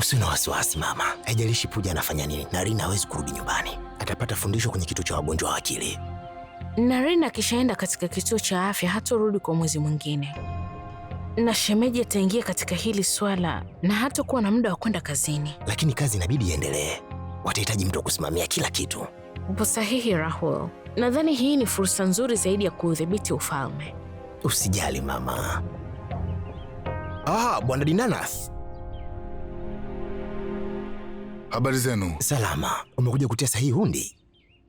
Usina na wasiwasi mama, haijalishi puja anafanya nini, Naren hawezi kurudi nyumbani. Atapata fundisho kwenye kituo cha wagonjwa wa akili. Naren akishaenda katika kituo cha afya hatorudi kwa mwezi mwingine, na shemeji ataingia katika hili swala na hatakuwa na muda wa kwenda kazini. Lakini kazi inabidi iendelee, watahitaji mtu wa kusimamia kila kitu. Upo sahihi Rahul, nadhani hii ni fursa nzuri zaidi ya kuudhibiti ufalme. Usijali mama. Ah, Bwana Dinanath Habari zenu. Salama. Umekuja kutia sahihi hundi?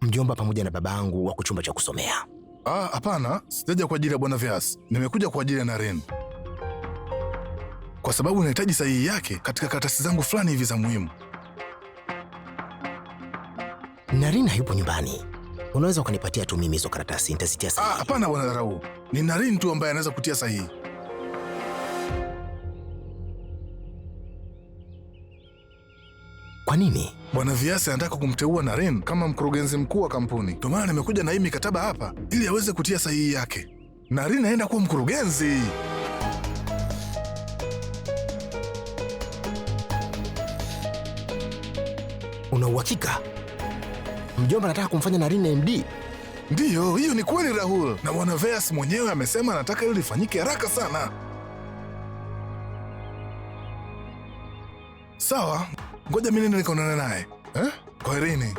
Mjomba pamoja na babangu wako chumba cha kusomea. Ah, hapana, sijaja kwa ajili ya bwana Vyas. Nimekuja kwa ajili ya Naren kwa sababu nahitaji sahihi yake katika karatasi zangu fulani hivi za muhimu. Naren hayupo nyumbani, unaweza ukanipatia tu mimi hizo karatasi, nitazitia sahihi. Ah, hapana bwana Darau, ni Naren tu ambaye anaweza kutia sahihi. nini? Bwana viasi anataka kumteua Naren kama mkurugenzi mkuu wa kampuni. Ndio maana nimekuja na hii mikataba hapa ili aweze kutia sahihi yake. Naren anaenda kuwa mkurugenzi. Una uhakika? Mjomba anataka kumfanya Naren MD? Ndiyo, hiyo ni kweli Rahul, na Bwana veas mwenyewe amesema anataka hilo lifanyike haraka sana. Sawa ngoja mi nikaonana naye eh? Kwaherini.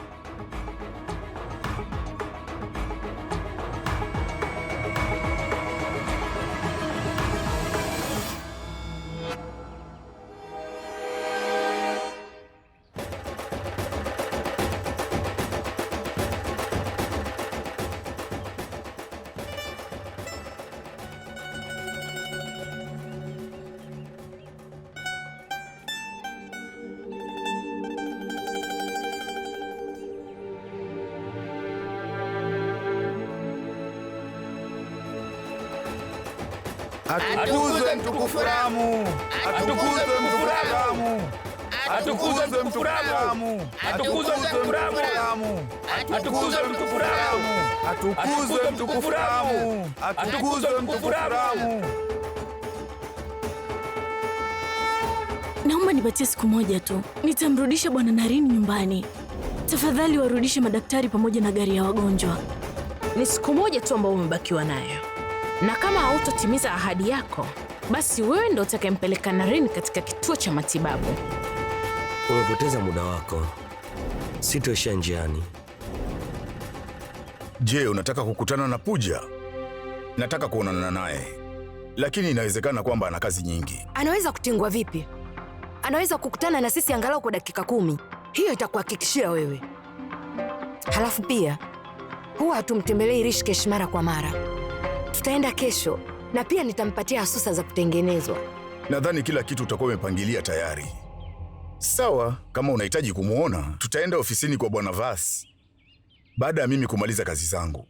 Atukuzwe mtukufu Lamu, atukuzwe mtukufu Lamu, atukuzwe mtukufu Lamu, atukuzwe mtukufu Lamu, atukuzwe mtukufu Lamu, atukuzwe mtukufu Lamu, atukuzwe mtukufu Lamu. Naomba nipatie siku moja tu, nitamrudisha Bwana Narini nyumbani. Tafadhali warudishe madaktari pamoja na gari ya wagonjwa. Ni siku moja tu ambayo umebakiwa nayo na kama hautotimiza ahadi yako, basi wewe ndo utakayempeleka Naren katika kituo cha matibabu. Umepoteza muda wako, sitoishia njiani. Je, unataka kukutana na Puja? Nataka kuonana naye, lakini inawezekana kwamba ana kazi nyingi. Anaweza kutingwa vipi? Anaweza kukutana na sisi angalau kwa dakika kumi. Hiyo itakuhakikishia wewe. Halafu pia huwa hatumtembelei Rishikesh mara kwa mara tutaenda kesho na pia nitampatia hasusa za kutengenezwa. Nadhani kila kitu utakuwa umepangilia tayari. Sawa, kama unahitaji kumwona, tutaenda ofisini kwa Bwana Vas baada ya mimi kumaliza kazi zangu.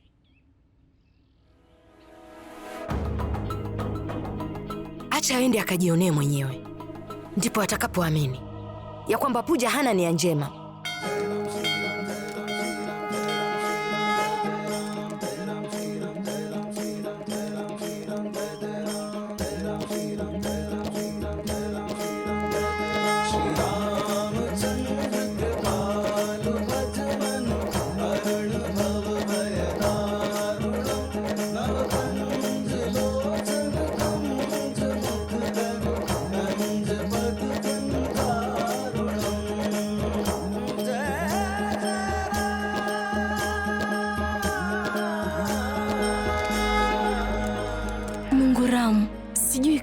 Acha aende akajionee mwenyewe, ndipo atakapoamini ya kwamba puja hana nia njema.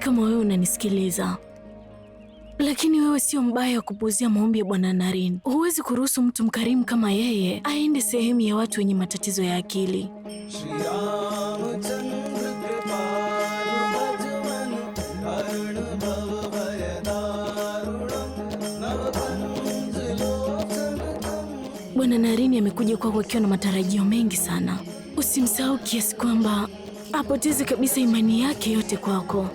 kama wewe unanisikiliza, lakini wewe sio mbaya wa kupuuzia maombi ya Bwana Naren. Huwezi kuruhusu mtu mkarimu kama yeye aende sehemu ya watu wenye matatizo ya akili. Bwana Naren amekuja kwako akiwa na matarajio mengi sana. Usimsahau kiasi kwamba apoteze kabisa imani yake yote kwako.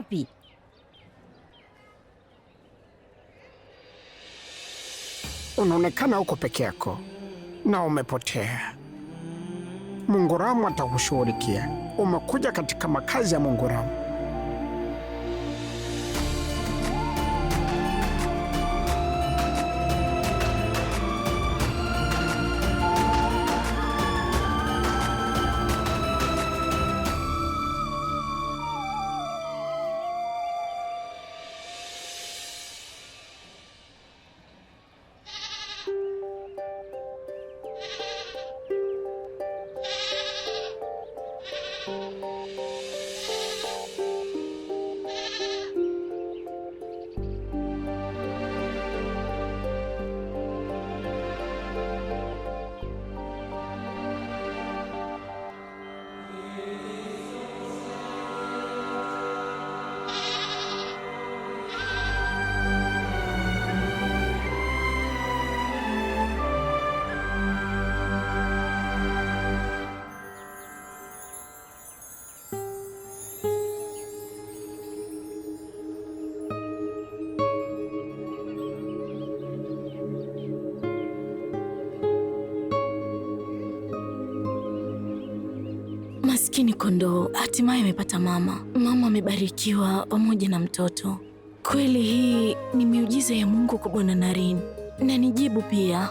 wapi? Unaonekana uko peke yako na umepotea. munguramu atakushughulikia. Umekuja katika makazi ya munguramu Maskini kondoo hatimaye amepata mama. Mama amebarikiwa pamoja na mtoto. Kweli hii ni miujiza ya Mungu kwa Bwana Naren, na ni jibu pia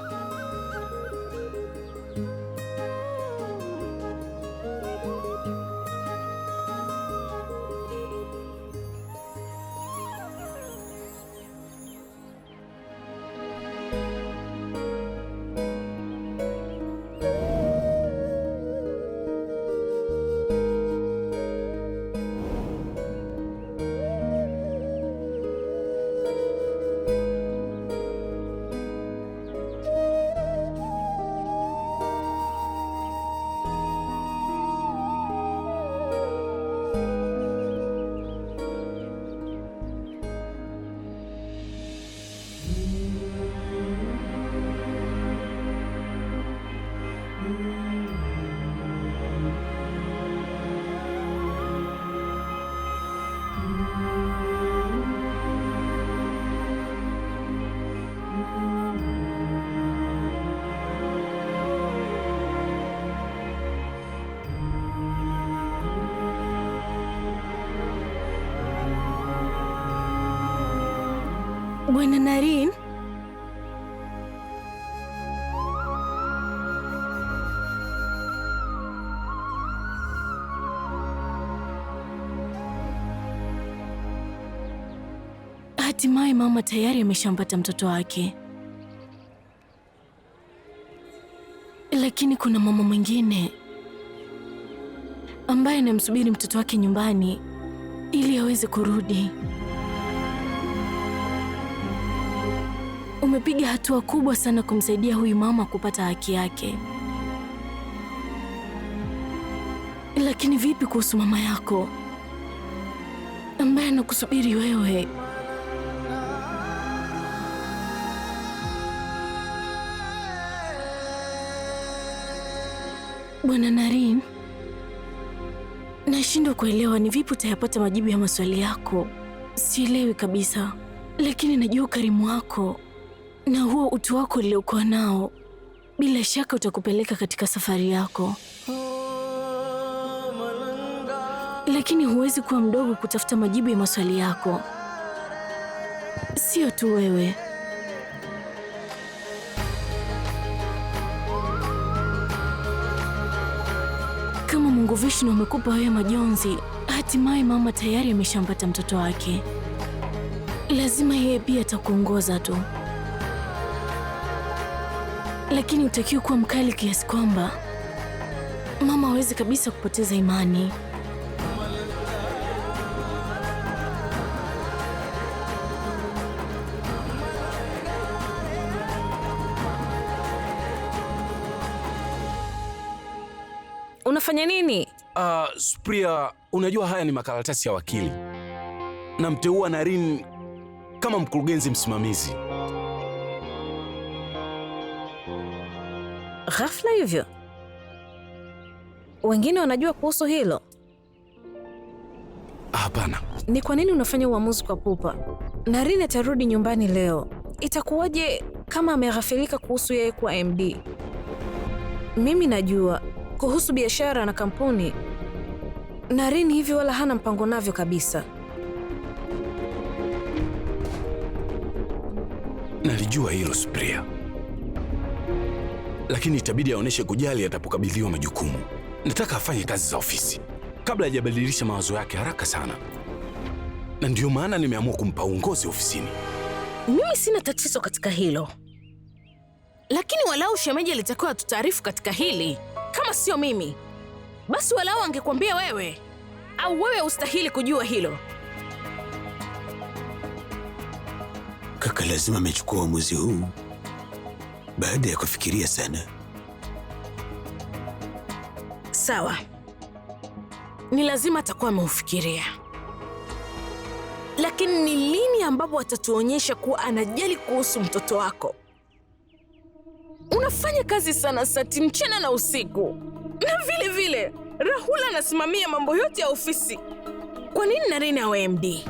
Bwana Naren? Hatimaye mama tayari ameshampata mtoto wake. Lakini kuna mama mwingine ambaye anamsubiri mtoto wake nyumbani ili aweze kurudi. umepiga hatua kubwa sana kumsaidia huyu mama kupata haki yake. Lakini vipi kuhusu mama yako ambaye anakusubiri wewe? Bwana Naren, nashindwa kuelewa ni vipi utayapata majibu ya maswali yako. Sielewi kabisa, lakini najua ukarimu wako na huo utu wako uliokuwa nao, bila shaka utakupeleka katika safari yako, lakini huwezi kuwa mdogo kutafuta majibu ya maswali yako. Sio tu wewe, kama Mungu Vishnu amekupa wewe majonzi, hatimaye mama tayari ameshampata mtoto wake, lazima yeye pia atakuongoza tu lakini utakiwa kuwa mkali kiasi kwamba mama hawezi kabisa kupoteza imani. Unafanya nini? Uh, Supriya, unajua haya ni makaratasi ya wakili. Namteua Naren kama mkurugenzi msimamizi. ghafla hivyo? Wengine wanajua kuhusu hilo? Hapana. Ni kwa nini unafanya uamuzi kwa pupa? Naren atarudi nyumbani leo, itakuwaje kama ameghafilika kuhusu yeye kuwa MD? Mimi najua kuhusu biashara na kampuni. Naren hivi wala hana mpango navyo kabisa. Nalijua hilo Supriya lakini itabidi aoneshe kujali atapokabidhiwa majukumu. Nataka afanye kazi za ofisi kabla hajabadilisha mawazo yake haraka sana, na ndiyo maana nimeamua kumpa uongozi ofisini. Mimi sina tatizo katika hilo, lakini walau shemeji alitakiwa atutaarifu katika hili. Kama sio mimi, basi walau angekuambia wewe, au wewe ustahili kujua hilo. Kaka lazima amechukua uamuzi huu baada ya kufikiria sana. Sawa, ni lazima atakuwa ameufikiria, lakini ni lini ambapo atatuonyesha kuwa anajali kuhusu mtoto wako? Unafanya kazi sana Sati, mchana na usiku, na vile vile Rahul anasimamia mambo yote ya ofisi. Kwa nini Naren awe MD?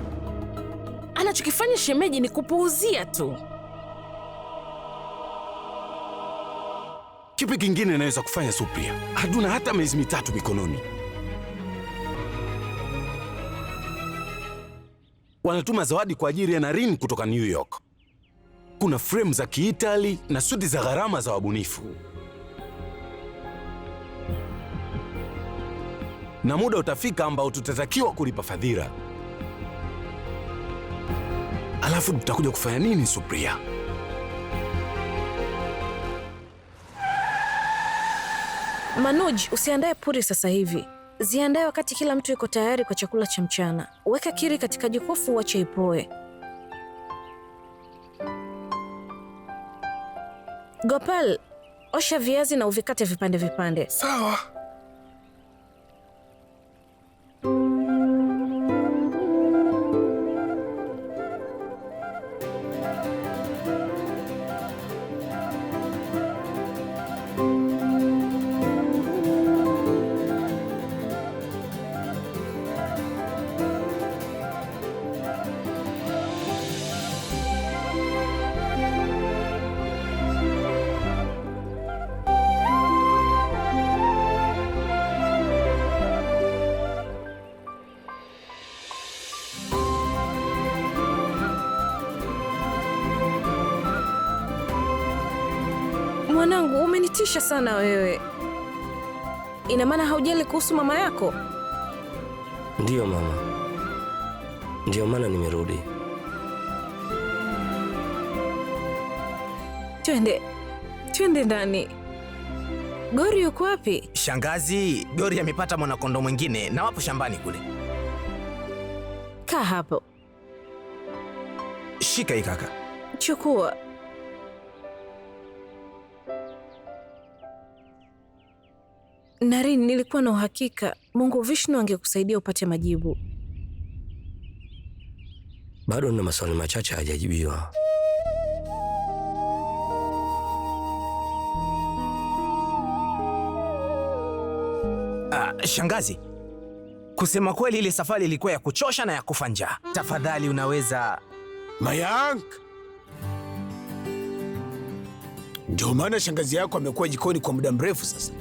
Anachokifanya shemeji ni kupuuzia tu. Kipi kingine naweza kufanya Supriya? Hatuna hata miezi mitatu mikononi. Wanatuma zawadi kwa ajili ya Naren kutoka New York. Kuna fremu za Kiitali na suti za gharama za wabunifu, na muda utafika ambao tutatakiwa kulipa fadhila. Alafu tutakuja kufanya nini Supriya? Manuj, usiandae puri sasa hivi, ziandae wakati kila mtu yuko tayari kwa chakula cha mchana. Weka kiri katika jokofu, wacha ipoe. Gopal, osha viazi na uvikate vipande vipande. Sawa. Unatisha sana wewe. Ina maana haujali kuhusu mama yako? Ndiyo mama, ndiyo maana nimerudi. Twende, twende ndani. Gori yuko wapi? Shangazi, Gori amepata mwanakondo mwingine na wapo shambani kule. Kaa hapo, shika hii kaka, chukua Naren, nilikuwa na uhakika Mungu Vishnu angekusaidia upate majibu. Bado nina maswali machache hayajajibiwa. Ah, shangazi, kusema kweli, ile safari ilikuwa ya kuchosha na ya kufa njaa. Tafadhali unaweza Mayank. Ndio maana shangazi yako amekuwa jikoni kwa muda mrefu sasa.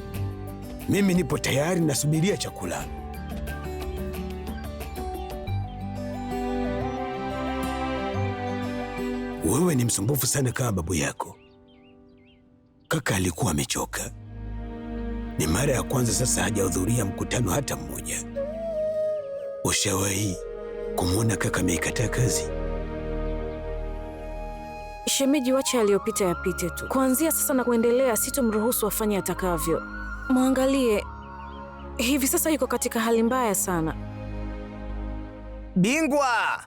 Mimi nipo tayari, nasubiria chakula. Wewe ni msumbufu sana kama babu yako. Kaka alikuwa amechoka. Ni mara ya kwanza sasa hajahudhuria mkutano hata mmoja. Ushawahi kumwona kaka ameikataa kazi? Shemeji, wacha aliyopita yapite tu. Kuanzia sasa na kuendelea, sitomruhusu afanye atakavyo. Mwangalie, hivi sasa yuko katika hali mbaya sana. Bingwa,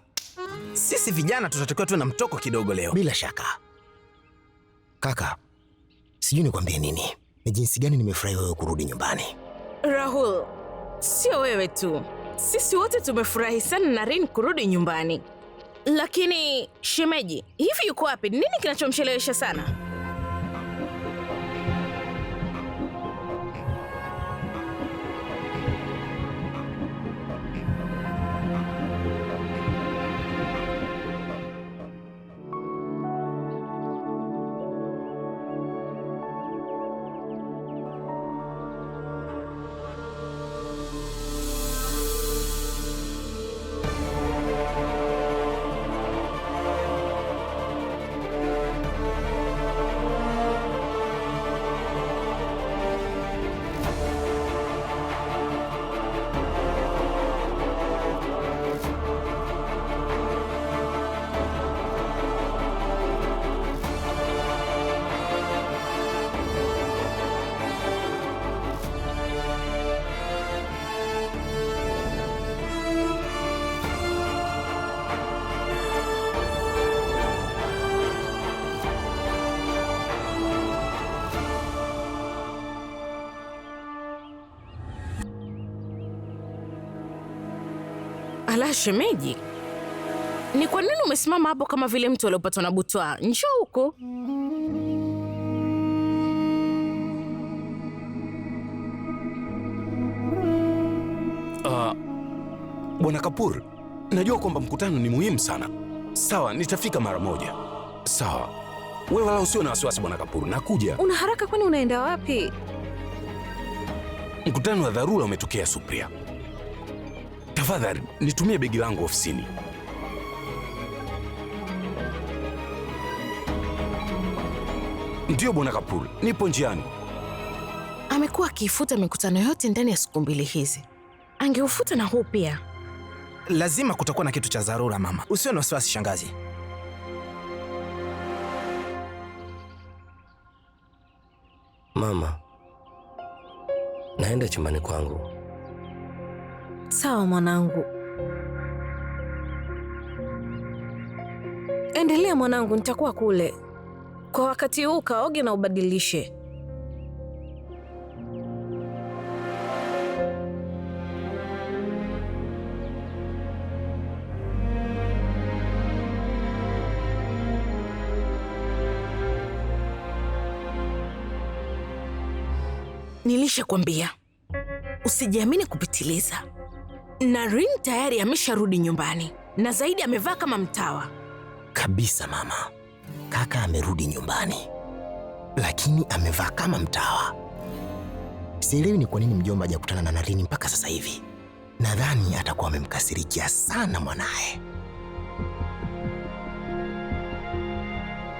sisi vijana tutatakiwa tuwe na mtoko kidogo leo. Bila shaka kaka, sijui nikwambie nini, ni jinsi gani nimefurahi wewe kurudi nyumbani. Rahul, sio wewe tu, sisi wote tumefurahi sana Rin kurudi nyumbani. Lakini shemeji, hivi yuko wapi? Nini kinachomchelewesha sana? La shemeji, ni kwa nini umesimama hapo kama vile mtu aliopatwa na butwa? Njoo huko. Uh, Bwana Kapur, najua kwamba mkutano ni muhimu sana. Sawa, nitafika mara moja. Sawa, wewe wala usio na wasiwasi, Bwana Kapur, nakuja. Una haraka, kwani unaenda wapi? Mkutano wa dharura umetokea, Supriya. Tafadhali nitumie begi langu ofisini. Ndiyo bwana Kapul, nipo njiani. Amekuwa akiifuta mikutano yote ndani ya siku mbili hizi, angeufuta na huu pia. Lazima kutakuwa na kitu cha dharura, mama. Usiwe na wasiwasi, shangazi. Mama, naenda chumbani kwangu. Sawa mwanangu, endelea mwanangu, nitakuwa kule. Kwa wakati huu kaoge na ubadilishe. Nilishakwambia usijiamini kupitiliza. Naren tayari amesharudi nyumbani na zaidi amevaa kama mtawa kabisa. Mama, kaka amerudi nyumbani lakini amevaa kama mtawa. Sielewi ni kwa nini mjomba hajakutana na Naren mpaka sasa hivi. Nadhani atakuwa amemkasirikia sana mwanaye.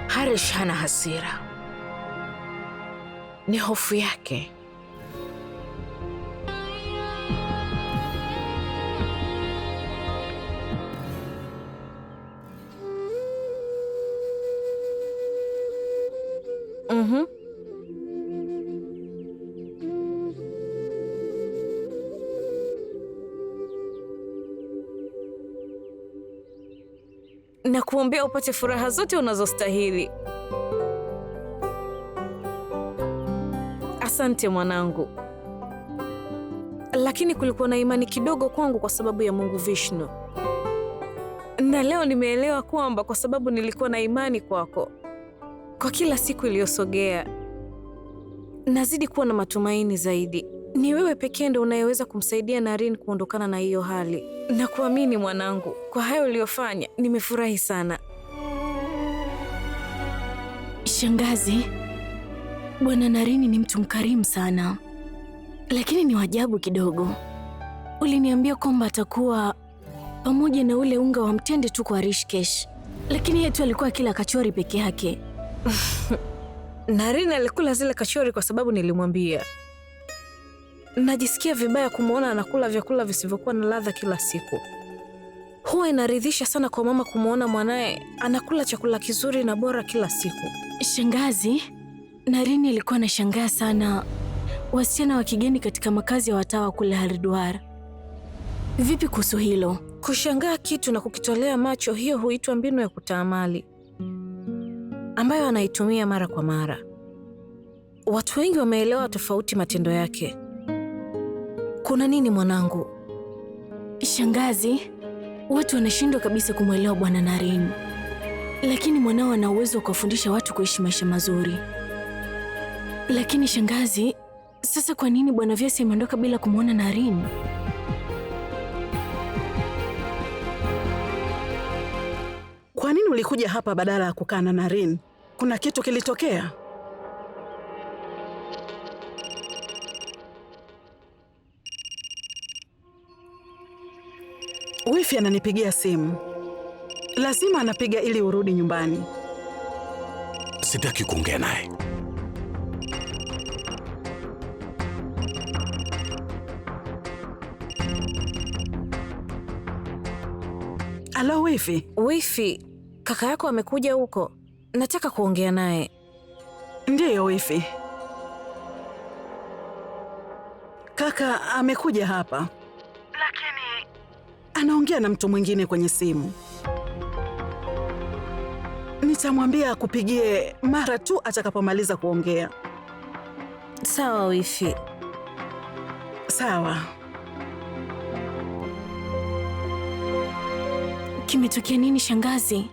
Harish hana hasira, ni hofu yake. kuombea upate furaha zote unazostahili. Asante mwanangu, lakini kulikuwa na imani kidogo kwangu kwa sababu ya Mungu Vishnu, na leo nimeelewa kwamba kwa sababu nilikuwa na imani kwako, kwa kila siku iliyosogea nazidi kuwa na matumaini zaidi. Ni wewe pekee ndo unayeweza kumsaidia Naren kuondokana na hiyo hali. Nakuamini mwanangu, kwa hayo uliyofanya nimefurahi sana. Shangazi, Bwana Naren ni mtu mkarimu sana, lakini ni wajabu kidogo. Uliniambia kwamba atakuwa pamoja na ule unga wa mtende tu kwa Rishikesh, lakini yetu alikuwa kila kachori peke yake. Naren alikula zile kachori kwa sababu nilimwambia Najisikia vibaya kumwona anakula vyakula visivyokuwa na ladha kila siku. Huwa inaridhisha sana kwa mama kumwona mwanaye anakula chakula kizuri na bora kila siku. Shangazi, narini alikuwa anashangaa sana wasichana wa kigeni katika makazi ya watawa kule Haridwar. Vipi kuhusu hilo? Kushangaa kitu na kukitolea macho, hiyo huitwa mbinu ya kutaamali ambayo anaitumia mara kwa mara. Watu wengi wameelewa tofauti matendo yake. Kuna nini mwanangu? Shangazi, watu wanashindwa kabisa kumwelewa Bwana Naren, lakini mwanao ana uwezo wa kuwafundisha watu kuishi maisha mazuri. Lakini shangazi, sasa kwa nini Bwana Vyasi ameondoka bila kumwona Naren? Kwa nini ulikuja hapa badala ya kukaa na Naren? Kuna kitu kilitokea? Wifi ananipigia simu, lazima anapiga ili urudi nyumbani. Sitaki kuongea naye. Halo wifi. Wifi, kaka yako amekuja huko, nataka kuongea naye. Ndiyo wifi, kaka amekuja hapa anaongea na mtu mwingine kwenye simu. Nitamwambia akupigie mara tu atakapomaliza kuongea. Sawa wifi. Sawa. Kimetokea nini shangazi?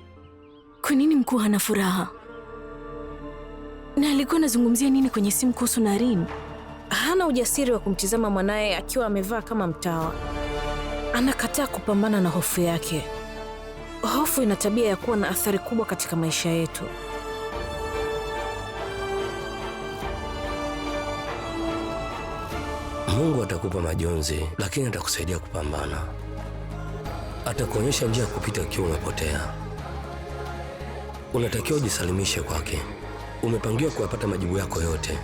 Kwa nini mkuu hana furaha? Na alikuwa anazungumzia nini kwenye simu kuhusu Naren? Hana ujasiri wa kumtizama mwanaye akiwa amevaa kama mtawa. Anakataa kupambana na hofu yake. Hofu ina tabia ya kuwa na athari kubwa katika maisha yetu. Mungu atakupa majonzi, lakini atakusaidia kupambana. Atakuonyesha njia ya kupita ukiwa umepotea. Unatakiwa ujisalimishe kwake. Umepangiwa kuyapata majibu yako yote.